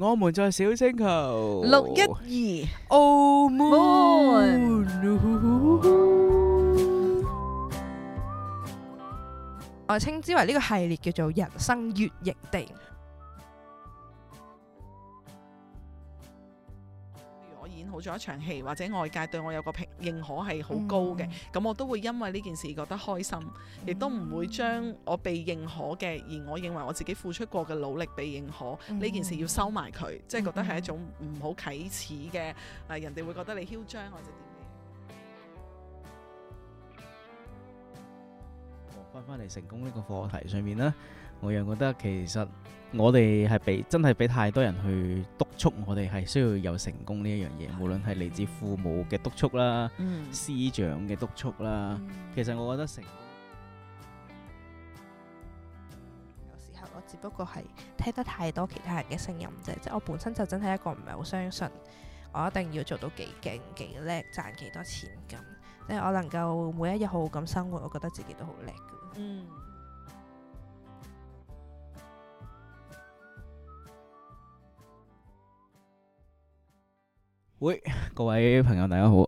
我們在小星球六一二澳門，我稱之為呢個系列叫做人生月影地。做咗一場戲或者外界對我有個評認可係好高嘅，咁、嗯、我都會因為呢件事覺得開心，亦、嗯、都唔會將我被認可嘅，而我認為我自己付出過嘅努力被認可呢、嗯、件事要收埋佢，嗯、即係覺得係一種唔好啟齒嘅，誒、嗯、人哋會覺得你囂張、嗯、或者點。返返嚟成功呢個課題上面啦，我又覺得其實我哋係俾真係俾太多人去督促我哋係需要有成功呢一樣嘢，的無論係嚟自父母嘅督促啦，嗯、師長嘅督促啦，嗯、其實我覺得成功有時候我只不過係聽得太多其他人嘅聲音啫，即係我本身就真係一個唔係好相信我一定要做到幾勁幾叻賺幾多錢咁，即係我能夠每一日好好咁生活，我覺得自己都好叻。嗯，喂，各位朋友，大家好。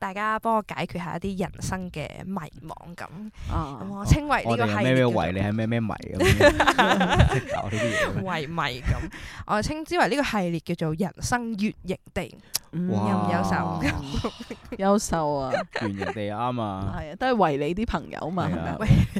大家幫我解決一下一啲人生嘅迷惘咁、啊嗯，我稱為呢個係咩咩為，你係咩咩迷咁， 為迷咁，我稱之為呢個系列叫做人生越野地。嗯，優秀哇，優秀啊！圓形 地啱啊，係啊 ，都係為你啲朋友嘛。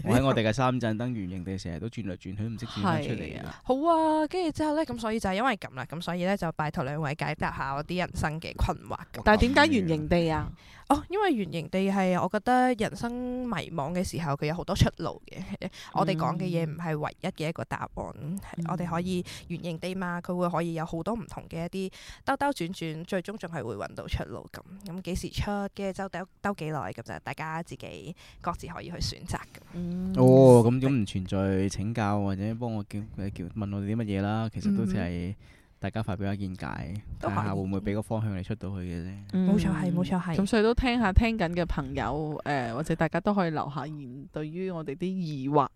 我喺我哋嘅三盞燈圓形地，成日都轉來轉去，都唔識轉出嚟啊。好啊，跟住之後咧，咁所以就係因為咁啦，咁所以咧就拜託兩位解答下我啲人生嘅困惑。但係點解圓形地啊？ 哦，因為圓形地係我覺得人生迷茫嘅時候，佢有好多出路嘅。嗯、 我哋講嘅嘢唔係唯一嘅一個答案，嗯、我哋可以圓形地嘛，佢會可以有好多唔同嘅一啲兜兜轉轉，最終仲係會揾到出路咁。咁幾時出嘅就兜兜幾耐咁就大家自己各自可以去選擇、嗯、哦，咁咁唔存在、嗯、請教或者幫我叫，叫問我哋啲乜嘢啦，其實都淨係。嗯大家發表下見解，睇下是會唔會俾個方向你出到去嘅啫？冇、嗯、錯係，冇錯係。咁所以都聽下聽緊嘅朋友，誒、呃、或者大家都可以留下言，對於我哋啲疑惑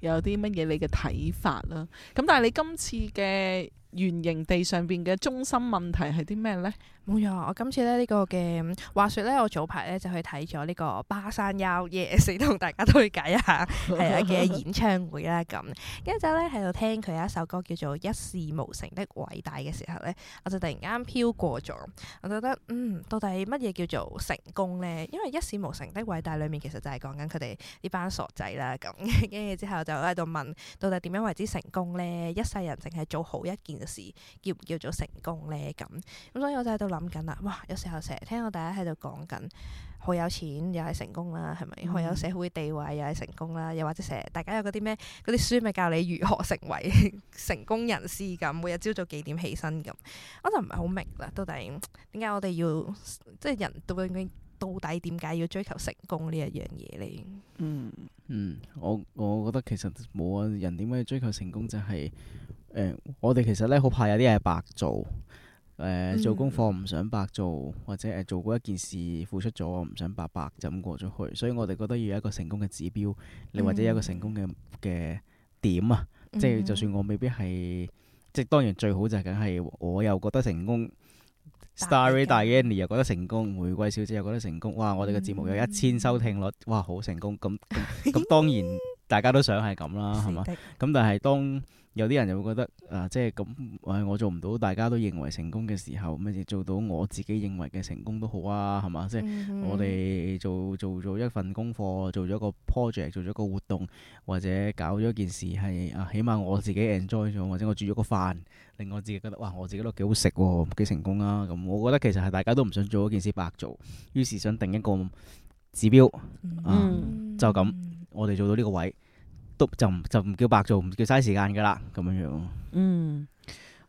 有啲乜嘢你嘅睇法啦。咁但係你今次嘅圓形地上邊嘅中心問題係啲咩咧？冇錯、嗯，我今次咧呢、呢個嘅話説咧，我早排咧就去睇咗呢個八三夭，死 s 同大家推介一下，係啊嘅演唱會啦咁，跟住就咧喺度聽佢有一首歌叫做《一事無成的偉大》嘅時候咧，我就突然間飄過咗，我覺得嗯，到底乜嘢叫做成功咧？因為《一事無成的偉大》裡面其實就係講緊佢哋呢班傻仔啦，咁跟住之後就喺度問到底點樣為之成功咧？一世人淨係做好一件事，叫唔叫做成功咧？咁咁所以我就喺諗緊啦，哇！有時候成日聽到大家喺度講緊，好有錢又係成功啦，係咪？好有社會地位又係成功啦，又或者成日大家有嗰啲咩嗰啲書咪教你如何成為成功人士咁？每日朝早幾點起身咁？我就唔係好明啦，到底點解我哋要即係人到到到底點解要追求成功呢一樣嘢呢？嗯嗯，我我覺得其實冇啊，人點解要追求成功就係誒，我哋其實咧好怕有啲嘢白做。誒、呃，做功課唔想白做，或者誒、呃、做過一件事付出咗，唔想白白就咁過咗去，所以我哋覺得要有一個成功嘅指標，你、嗯、哼或者有一個成功嘅嘅點啊，嗯、哼即係就算我未必係，即係當然最好就係梗係我又覺得成功，Starry 大 a n n y 又覺得成功，玫瑰小姐又覺得成功，哇！我哋嘅節目有一千收聽率，嗯、哼哇，好成功咁咁，當然。 大家都想係咁啦，係嘛的？咁但係當有啲人就會覺得，誒、啊，即係咁、哎，我做唔到，大家都認為成功嘅時候，咪就做到我自己認為嘅成功都好啊，係嘛？嗯、哼即係我哋做做做一份功課，做咗個 project，做咗個活動，或者搞咗件事係啊，起碼我自己 enjoy 咗，或者我煮咗個飯，令我自己覺得，哇，我自己都幾好食喎，幾成功啊！咁、嗯，我覺得其實係大家都唔想做一件事白做，於是想定一個指標，就 咁。 我哋做到呢個位，都就唔就唔叫白做，唔叫嘥時間㗎啦，咁樣樣。嗯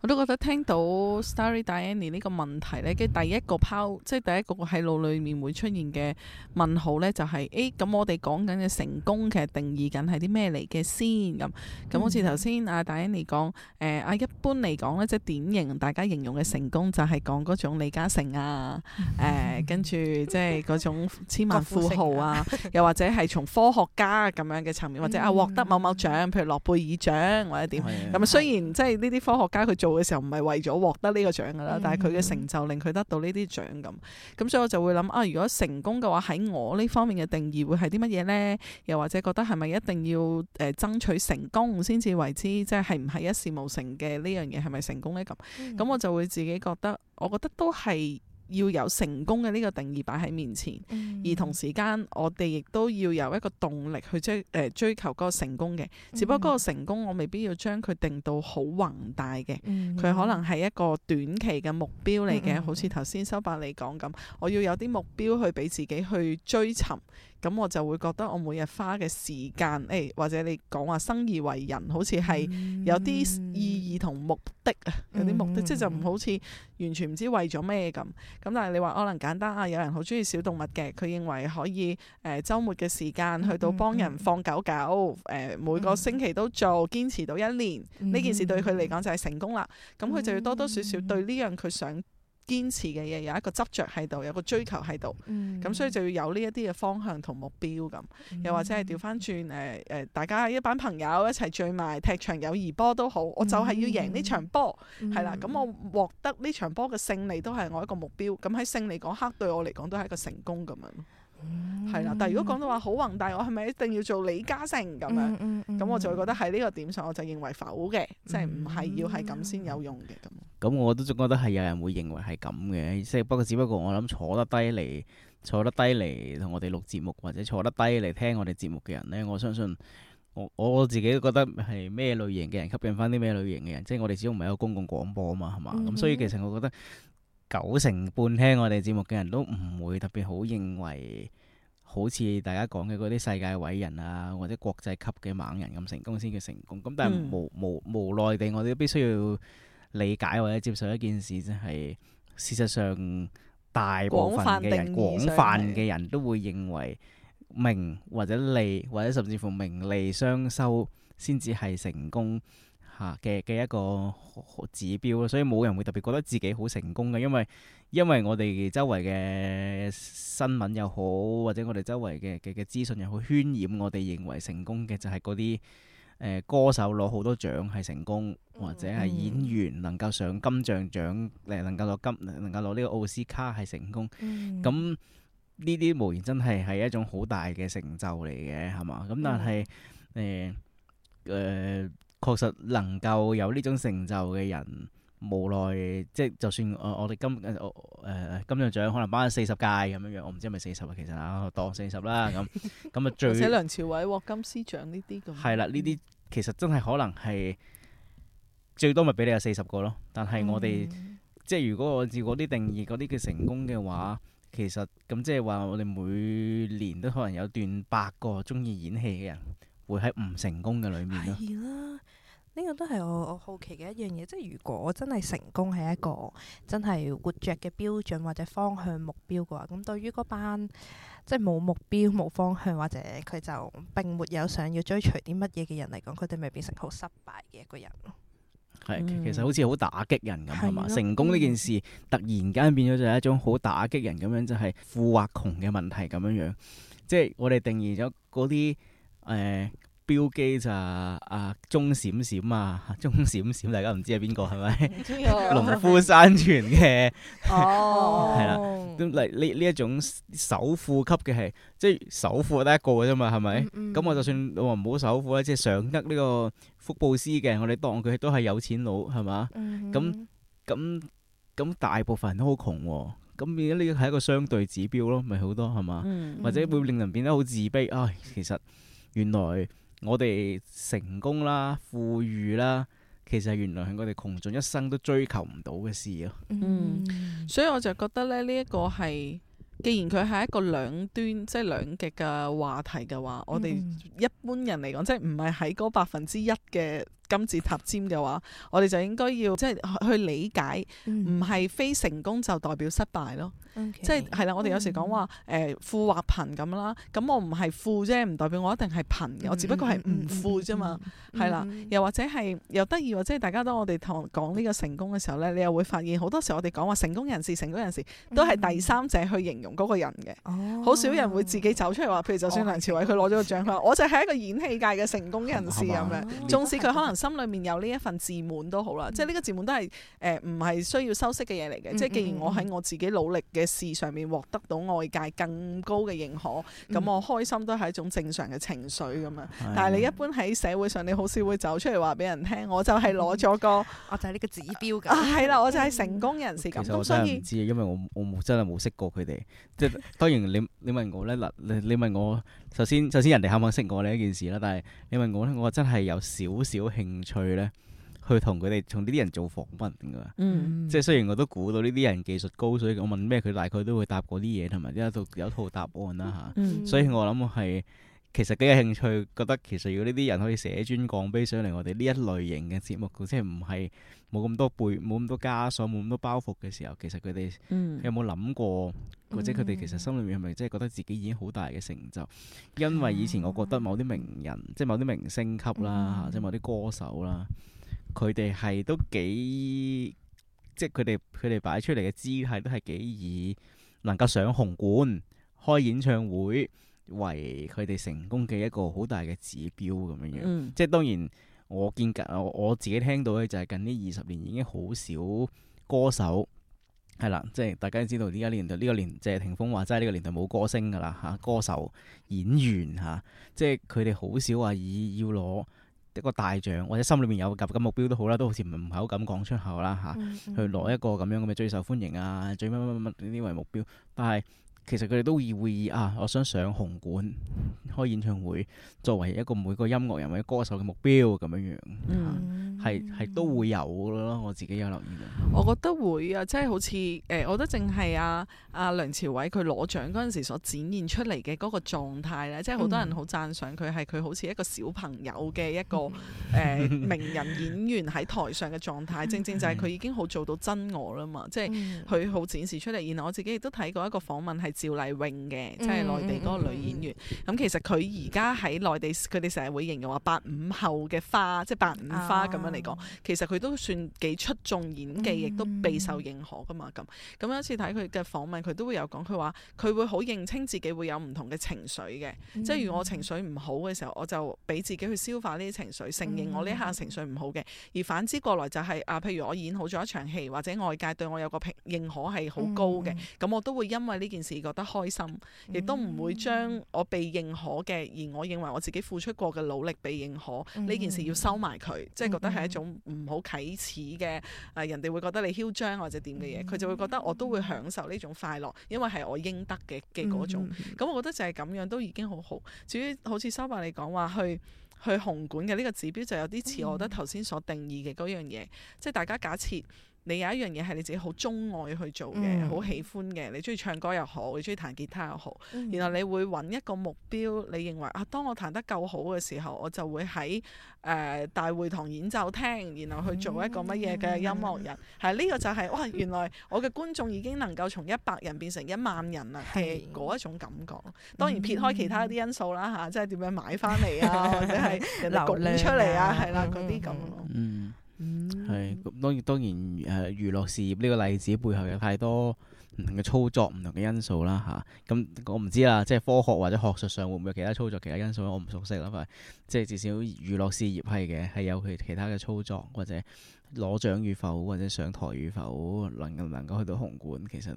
我都覺得聽到 Starry Danny 呢個問題咧，跟第，第，第一個拋即係第一個喺腦裡面會出現嘅問號咧、就是，就係：誒咁我哋講緊嘅成功，其實定義緊係啲咩嚟嘅先？咁咁好似頭先阿 Danny 講，誒，啊一般嚟講咧，即係典型大家形容嘅成功，就係講嗰種李嘉誠啊，誒跟住即係嗰種千萬富豪啊， 富城啊 又或者係從科學家咁樣嘅層面，或者啊獲得某某，某獎，譬如諾貝爾獎或者點。咁雖、嗯嗯、然即係呢啲科學家佢做嘅時候唔係為咗獲得呢個獎噶啦，但係佢嘅成就令佢得到呢啲獎咁，咁所以我就會諗啊，「如果成功嘅話喺我呢方面嘅定義會係啲乜嘢呢？又或者覺得係咪一定要誒、呃、爭取成功先至為之？即係係唔係一事無成嘅呢樣嘢係咪成功呢？」咁咁我就會自己覺得，我覺得都係。要有成功嘅呢個定義擺喺面前，嗯、而同時間我哋亦都要有一個動力去追誒、呃、追求嗰個成功嘅。嗯、只不過嗰個成功，我未必要將佢定到好宏大嘅，佢、嗯、可能係一個短期嘅目標嚟嘅，嗯嗯、好似頭先修伯你講咁，我要有啲目標去俾自己去追尋。咁我就會覺得我每日花嘅時間，誒、哎、或者你講話生而為人，好似係有啲意義同目的啊，有啲目的，目的嗯、即係就唔好似完全唔知為咗咩咁。咁但係你話可能簡單啊，有人好中意小動物嘅，佢認為可以誒週、呃、末嘅時間去到幫人放狗狗，誒、呃、每個星期都做，堅持到一年，呢件事對佢嚟講就係成功啦。咁佢就要多多少少對呢樣佢想堅持嘅嘢，有一個執着喺度，有個追求喺度，咁、嗯嗯、所以就要有呢一啲嘅方向同目標咁，又或者係調翻轉誒誒，大家一班朋友一齊聚埋踢場友誼波都好，我就係要贏呢場波，係、嗯、啦，咁我獲得呢場波嘅勝利都係我一個目標，咁喺勝利嗰刻對我嚟講都係一個成功咁樣，係、嗯、啦。但係如果講到話好宏大，我係咪一定要做李嘉誠咁樣？咁、嗯嗯嗯、我就會覺得喺呢個點上，我就認為否嘅，嗯嗯、即係唔係要係咁先有用嘅咁。咁我都仲覺得係有人會認為係咁嘅，即係不過只不過我諗坐得低嚟坐得低嚟同我哋錄節目或者坐得低嚟聽我哋節目嘅人呢。我相信我我自己都覺得係咩類型嘅人吸引翻啲咩類型嘅人，即係我哋始終唔係一個公共廣播啊嘛，係嘛？咁、嗯、哼所以其實我覺得九成半聽我哋節目嘅人都唔會特別好認為好似大家講嘅嗰啲世界偉人啊或者國際級嘅猛人咁成功先叫成功，咁但係無、嗯、無，無，無奈地我哋必須要。理解或者接受一件事，即係事實上大部分嘅人，廣泛嘅人都會認為名或者利或者甚至乎名利雙收先至係成功吓嘅嘅一個指標。所以冇人會特別覺得自己好成功嘅，因為因為我哋周圍嘅新聞又好，或者我哋周圍嘅嘅資訊又好，渲染我哋認為成功嘅就係嗰啲。誒、呃、歌手攞好多獎係成功，或者係演員能夠上金像獎誒、嗯，能夠攞金能夠攞呢個奧斯卡係成功。咁呢啲無疑真係係一種好大嘅成就嚟嘅，係嘛？咁、嗯、但係誒誒，確實能夠有呢種成就嘅人。無奈，即係就算我哋金誒，金像獎可能頒四十屆咁樣樣，我唔知係咪四十啊？其實啊，當四十啦咁。咁啊，最而且梁朝偉獲金絲獎呢啲咁。係啦，呢啲其實真係可能係最多咪俾你有四十個咯。但係我哋、嗯、即係如果我照嗰啲定義，嗰啲叫成功嘅話，其實咁即係話我哋每年都可能有段百個中意演戲嘅人會喺唔成功嘅裏面咯。呢個都係我好奇嘅一樣嘢，即係如果真係成功係一個真係活著嘅標準或者方向目標嘅話，咁對於嗰班即係冇目標冇方向或者佢就並沒有想要追隨啲乜嘢嘅人嚟講，佢哋咪變成好失敗嘅一個人咯？係，其實好似好打擊人咁係嘛？嗯、的成功呢件事突然間變咗就係一種好打擊人咁樣，就係、是、富或窮嘅問題咁樣樣，即係我哋定義咗嗰啲誒。呃標機就阿鍾閃閃啊，鍾閃閃，大家唔知係邊個係咪？農夫山泉嘅，係啦，咁嚟呢呢一種首富級嘅係，即係首富得一個嘅啫嘛，係咪？咁我就算我唔好首富咧，即係上得呢個福布斯嘅，我哋當佢都係有錢佬，係嘛？咁咁咁大部分人都好窮喎，咁變咗呢個係一個相對指標咯，咪好多係嘛？或者會令人變得好自卑啊？其實原來。我哋成功啦，富裕啦，其實原來係我哋窮盡一生都追求唔到嘅事咯、啊。嗯，所以我就覺得咧，呢、這、一個係，既然佢係一個兩端，即、就、係、是、兩極嘅話題嘅話，嗯、我哋一般人嚟講，即係唔係喺嗰百分之一嘅。金字塔尖嘅話，我哋就應該要即係去理解，唔係非成功就代表失敗咯。Okay, 即係係啦，我哋有時講話誒富或貧咁啦。咁我唔係富啫，唔代表我一定係貧嘅，嗯、我只不過係唔富啫嘛。係、嗯嗯、啦，又或者係又得意喎。即係大家當我哋同講呢個成功嘅時候咧，你又會發現好多時我哋講話成功人士、成功人士都係第三者去形容嗰個人嘅。好少、哦、人會自己走出嚟話，譬如就算梁朝偉佢攞咗個獎啦，的 我就係一個演戲界嘅成功人士咁樣。縱使佢可能。心裏面有呢一份自滿都好啦，即係呢個自滿都係誒唔係需要修飾嘅嘢嚟嘅。即係既然我喺我自己努力嘅事上面獲得到外界更高嘅認可，咁我開心都係一種正常嘅情緒咁啊。但係你一般喺社會上，你好少會走出嚟話俾人聽，我就係攞咗個，我就係呢個指標㗎。係啦，我就係成功人士咁。所以我真係唔知，因為我我冇真係冇識過佢哋。即係當然你你問我咧，嗱你你問我，首先首先人哋肯唔肯識我呢一件事啦。但係你問我咧，我真係有少少興興趣咧，去同佢哋同呢啲人做訪問噶，嗯、即係雖然我都估到呢啲人技術高，所以我問咩佢大概都會答嗰啲嘢，同埋有一套有一套答案啦吓，嗯、所以我諗係。其實幾有興趣，覺得其實如果呢啲人可以寫專鋼碑上嚟我哋呢一類型嘅節目，即係唔係冇咁多背，冇咁多枷鎖，冇咁多包袱嘅時候，其實佢哋有冇諗過，嗯、或者佢哋其實心裏面係咪真係覺得自己已經好大嘅成就？因為以前我覺得某啲名人，嗯、即係某啲明星級啦，嗯、即係某啲歌手啦，佢哋係都幾，即係佢哋佢哋擺出嚟嘅姿態都係幾易能夠上紅館開演唱會。為佢哋成功嘅一個好大嘅指標咁樣樣，嗯、即係當然我見近我自己聽到咧，就係近呢二十年已經好少歌手係啦，即係大家知道呢個年代呢個年，謝霆鋒話齋呢個年代冇歌星噶啦吓，歌手演員吓、啊，即係佢哋好少話以要攞一個大獎或者心裏面有個咁嘅目標都好啦，都好似唔係好敢講出口啦吓，啊、嗯嗯去攞一個咁樣咁嘅最受歡迎啊，最乜乜乜呢啲為目標，但係。其實佢哋都會會議啊！我想上紅館開演唱會，作為一個每個音樂人或者歌手嘅目標咁樣樣，係係、嗯啊、都會有咯。我自己有留意我、呃。我覺得會啊，即係好似誒，我覺得淨係阿阿梁朝偉佢攞獎嗰陣時所展現出嚟嘅嗰個狀態咧，即係好多人讚他他好讚賞佢，係佢好似一個小朋友嘅一個誒名人演員喺台上嘅狀態，正正，正就係佢已經好做到真我啦嘛！即係佢好展示出嚟。然後我自己亦都睇過一個訪問係。趙麗穎嘅，即係內地嗰個女演員，咁、嗯嗯、其實佢而家喺內地，佢哋成日會形容話八五後嘅花，即係八五花咁樣嚟講，哦、其實佢都算幾出眾演技，嗯、亦都備受認可噶嘛。咁咁有一次睇佢嘅訪問，佢都會有講佢話，佢會好認清自己會有唔同嘅情緒嘅。嗯、即係如我情緒唔好嘅時候，我就俾自己去消化呢啲情緒，承認我呢一刻情緒唔好嘅。而反之過來就係、是、啊，譬如我演好咗一場戲或者外界對我有個評認可係好高嘅，咁、嗯嗯、我都會因為呢件事。覺得開心，亦都唔會將我被認可嘅，而我認為我自己付出過嘅努力被認可呢、嗯、件事要收埋佢，嗯、即係覺得係一種唔好啟齒嘅，誒、嗯呃、人哋會覺得你囂張或者點嘅嘢，佢、嗯、就會覺得我都會享受呢種快樂，因為係我應得嘅嘅嗰種。咁、嗯、我覺得就係咁樣都已經好好。至於好似收伯你講話去去紅館嘅呢個指標，就有啲似我覺得頭先所定義嘅嗰樣嘢，嗯、即係大家假設。你有一樣嘢係你自己好鍾愛去做嘅，好喜歡嘅，你中意唱歌又好，你中意彈吉他又好，然後你會揾一個目標，你認為啊，當我彈得夠好嘅時候，我就會喺大會堂演奏廳，然後去做一個乜嘢嘅音樂人，係呢個就係哇，原來我嘅觀眾已經能夠從一百人變成一萬人啦嘅嗰一種感覺。當然撇開其他啲因素啦吓，即係點樣買翻嚟啊，或者係人哋攞出嚟啊，係啦嗰啲咁咯。係，咁、嗯、當然當然誒娛樂事業呢個例子背後有太多唔同嘅操作、唔同嘅因素啦嚇。咁、啊嗯、我唔知啦，即係科學或者學術上會唔會有其他操作、其他因素我唔熟悉啦，但係即係至少娛樂事業係嘅，係有其其他嘅操作，或者攞獎與否，或者上台與否，能唔能夠去到紅館，其實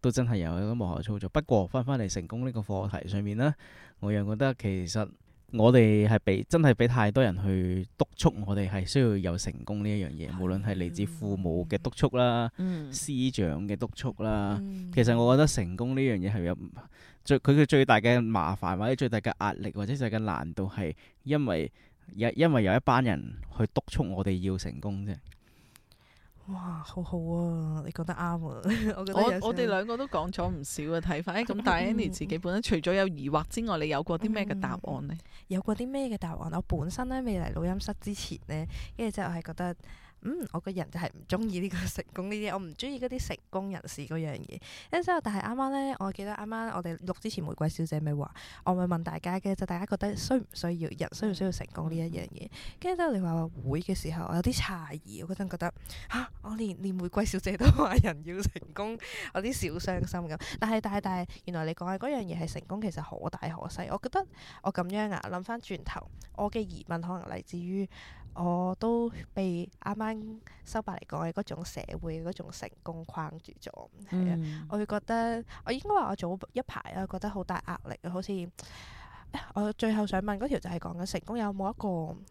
都真係有一個幕後操作。不過翻返嚟成功呢個課題上面咧，我又覺得其實。我哋係俾真係俾太多人去督促我哋，係需要有成功呢一樣嘢，無論係嚟自父母嘅督促啦、嗯、師長嘅督促啦。嗯、其實我覺得成功呢樣嘢，係有最佢嘅最大嘅麻煩或者最大嘅壓力或者最大嘅難度，係因為有因為有一班人去督促我哋要成功啫。哇，好好啊！你講得啱啊！ 我我哋兩個都講咗唔少嘅、啊、睇法。誒、哎，咁但係 Annie 自己本身除咗有疑惑之外，你有過啲咩嘅答案呢？ 嗯、有過啲咩嘅答案？我本身咧未嚟錄音室之前咧，跟住之後係覺得。嗯，我個人就係唔中意呢個成功呢啲，我唔中意嗰啲成功人士嗰樣嘢。跟住之後，但係啱啱咧，我記得啱啱我哋錄之前玫瑰小姐咪話，我咪問大家嘅就大家覺得需唔需要人需唔需要成功呢一樣嘢？跟住之後你話會嘅時候，我有啲詫異，我嗰陣覺得吓、啊，我連連玫瑰小姐都話人要成功，有啲少傷心咁。但係但係但係，原來你講嘅嗰樣嘢係成功，其實可大可細。我覺得我咁樣啊，諗翻轉頭，我嘅疑問可能嚟自於。我都被啱啱收白嚟講嘅嗰種社會嗰種成功框住咗，係啊、嗯，我會覺得我應該話我做一排啊，我覺得好大壓力啊，好似我最後想問嗰條就係講緊成功有冇一個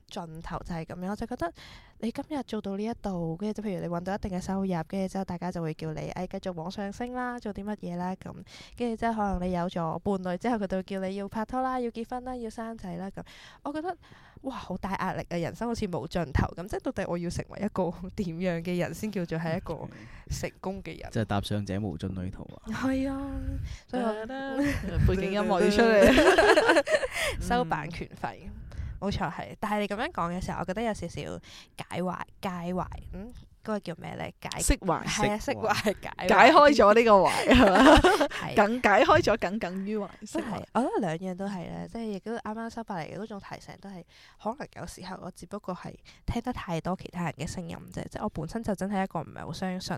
盡頭就係咁樣，我就覺得你今日做到呢一度，跟住即係、譬如你揾到一定嘅收入，跟住之後大家就會叫你誒、哎、繼續往上升啦，做啲乜嘢啦咁，跟住之後可能你有咗伴侶之後，佢就會叫你要拍拖啦，要結婚啦，要生仔啦咁，我覺得。哇，好大壓力啊！人生好似冇盡頭，咁即係到底我要成為一個點樣嘅人先叫做係一個成功嘅人？Okay. 即係踏上者無盡旅途啊！係啊，所以我覺得背景音樂要出嚟收版權費，冇錯係。但係你咁樣講嘅時候，我覺得有少少解懷解懷，嗯。嗰個叫咩咧？解釋懷，係啊還，釋懷解，我解開咗呢個懷，係嘛？梗解開咗耿耿於懷。真係是，我，我覺得兩樣都係咧，嗯、即係亦都啱啱收翻嚟嘅嗰種提醒都，都係可能有時候我只不過係聽得太多其他人嘅聲音啫， 即係我本身就真係一個唔係好相信。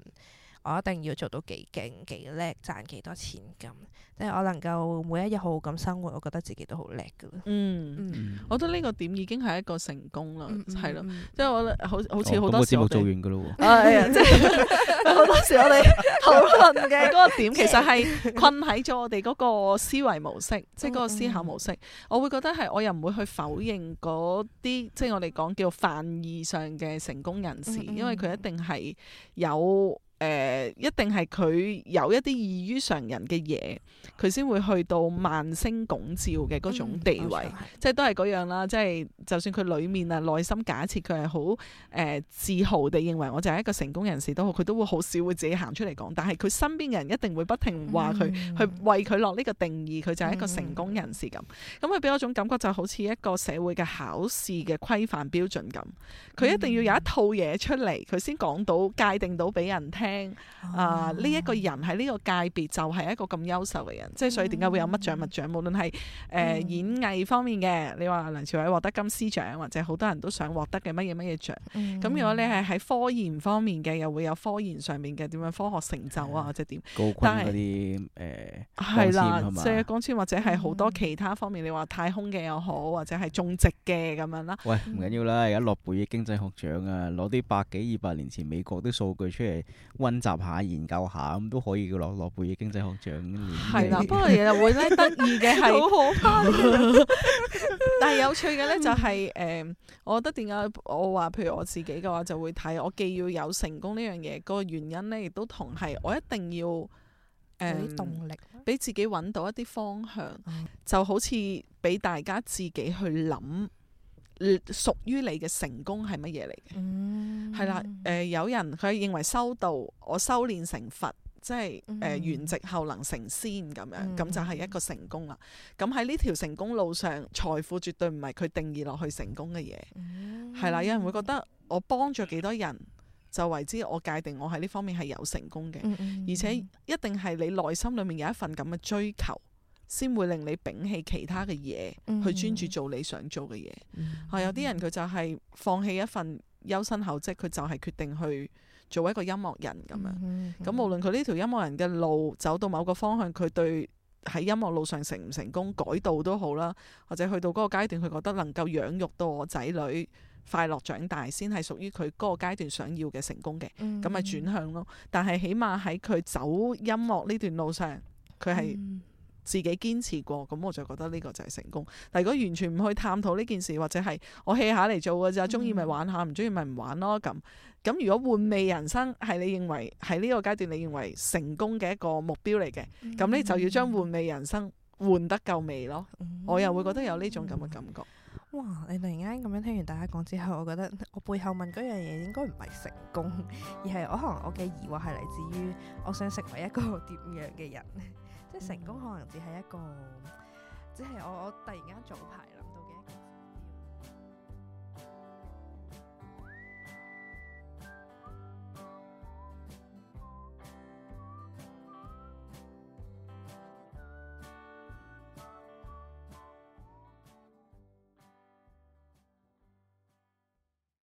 我一定要做到幾勁幾叻，賺幾賺多錢咁，即係我能夠每一日好好咁生活，我覺得自己都好叻噶咯。嗯，嗯我覺得呢個點已經係一個成功啦，係咯、嗯嗯嗯嗯嗯，即係我好好似好多時我、哦、做完噶咯，係啊、哎呀， 即係好 多時我哋討論嘅嗰個點，其實係困喺咗我哋嗰個思維模式，嗯嗯嗯即係嗰個思考模式。我會覺得係我又唔會去否認嗰啲，即係我哋講叫做泛義上嘅成功人士，嗯嗯嗯因為佢一定係有。誒、呃，一定係佢有一啲異於常人嘅嘢，佢先會去到萬星拱照嘅嗰種地位，即係、嗯、都係嗰樣啦。即、就、係、是、就算佢裏面啊，內心假設佢係好誒自豪地認為我就係一個成功人士都好，佢都會好少會自己行出嚟講。但係佢身邊嘅人一定會不停話佢，嗯、去為佢落呢個定義，佢就係一個成功人士咁。咁佢俾我一種感覺，就好似一個社會嘅考試嘅規範標準咁，佢一定要有一套嘢出嚟，佢先講到界定到俾人聽。啊！呢一個人喺呢個界別就係一個咁優秀嘅人，即係所以點解會有乜獎乜獎？無論係誒演藝方面嘅，你話梁朝偉獲得金獅獎，或者好多人都想獲得嘅乜嘢乜嘢獎。咁如果你係喺科研方面嘅，又會有科研上面嘅點樣科學成就啊，或者點？高錕嗰啲誒，係啦，所以光纖或者係好多其他方面，你話太空嘅又好，或者係種植嘅咁樣啦。喂，唔緊要啦，而家諾貝爾經濟學獎啊，攞啲百幾二百年前美國啲數據出嚟。溫習下研究下咁都可以嘅。攞諾貝爾經濟學獎。係啦，不過其實會咧得意嘅係，好可怕。但係有趣嘅咧 就係、是，誒、呃，我覺得點解我話，譬如我自己嘅話就會睇，我既要有成功呢樣嘢，個原因咧亦都同係我一定要誒、呃、動力，俾自己揾到一啲方向，就好似俾大家自己去諗。屬於你嘅成功係乜嘢嚟嘅？係啦、嗯，誒、呃，有人佢認為修道，我修煉成佛，即係誒，圓、呃、寂後能成仙咁樣，咁就係一個成功啦。咁喺呢條成功路上，財富絕對唔係佢定義落去成功嘅嘢。係啦、嗯，有人會覺得我幫咗幾多人，就為之我界定我喺呢方面係有成功嘅，而且一定係你內心裏面有一份咁嘅追求。先會令你摒棄其他嘅嘢，嗯、哼去專注做你想做嘅嘢。嚇、嗯哼，有啲人佢就係放棄一份優薪厚職，佢就係決定去做一個音樂人咁樣。咁、嗯、哼無論佢呢條音樂人嘅路走到某個方向，佢對喺音樂路上成唔成功改道都好啦，或者去到嗰個階段，佢覺得能夠養育到我仔女快樂長大，先係屬於佢嗰個階段想要嘅成功嘅，咁咪、嗯、哼轉向咯。但係起碼喺佢走音樂呢段路上，佢係、嗯。自己堅持過，咁我就覺得呢個就係成功。但如果完全唔去探討呢件事，或者係我戲下嚟做嘅咋，中意咪玩下，唔中意咪唔玩咯。咁咁如果換味人生係你認為喺呢個階段你認為成功嘅一個目標嚟嘅，咁你就要將換味人生換得夠味咯。嗯、我又會覺得有呢種咁嘅感覺、嗯嗯。哇！你突然間咁樣聽完大家講之後，我覺得我背後問嗰樣嘢應該唔係成功，而係我可能我嘅疑惑係嚟自於我想成為一個點樣嘅人。成功可能只係一個，嗯、即係我我突然間早排啦。